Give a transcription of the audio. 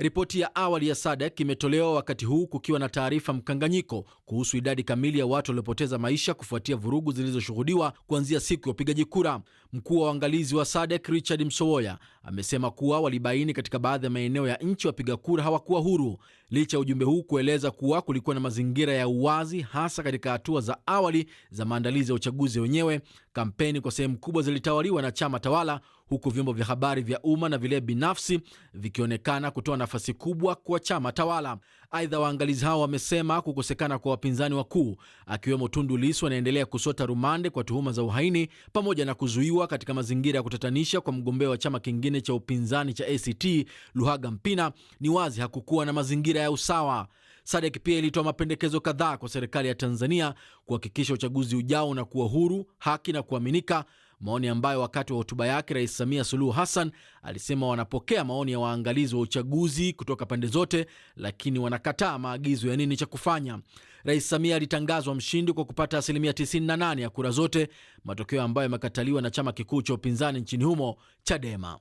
Ripoti ya awali ya SADC imetolewa wakati huu kukiwa na taarifa mkanganyiko kuhusu idadi kamili ya watu waliopoteza maisha kufuatia vurugu zilizoshuhudiwa kuanzia siku ya upigaji kura. Mkuu wa uangalizi wa SADC Richard Msowoya amesema kuwa walibaini katika baadhi ya maeneo ya nchi wapiga kura hawakuwa huru, licha ya ujumbe huu kueleza kuwa kulikuwa na mazingira ya uwazi, hasa katika hatua za awali za maandalizi ya uchaguzi wenyewe. Kampeni kwa sehemu kubwa zilitawaliwa na chama tawala huku vyombo vya habari vya umma na vile binafsi vikionekana kutoa nafasi kubwa kwa chama tawala. Aidha, waangalizi hao wamesema kukosekana kwa wapinzani wakuu akiwemo Tundu Lissu anaendelea kusota rumande kwa tuhuma za uhaini pamoja na kuzuiwa katika mazingira ya kutatanisha kwa mgombea wa chama kingine cha upinzani cha ACT Luhaga Mpina, ni wazi hakukuwa na mazingira ya usawa. sadek pia ilitoa mapendekezo kadhaa kwa serikali ya Tanzania kuhakikisha uchaguzi ujao unakuwa huru, haki na kuaminika maoni ambayo wakati wa hotuba yake Rais Samia Suluhu Hassan alisema wanapokea maoni ya waangalizi wa uchaguzi kutoka pande zote, lakini wanakataa maagizo ya nini cha kufanya. Rais Samia alitangazwa mshindi kwa kupata asilimia 98 ya kura zote, matokeo ambayo yamekataliwa na chama kikuu cha upinzani nchini humo, Chadema.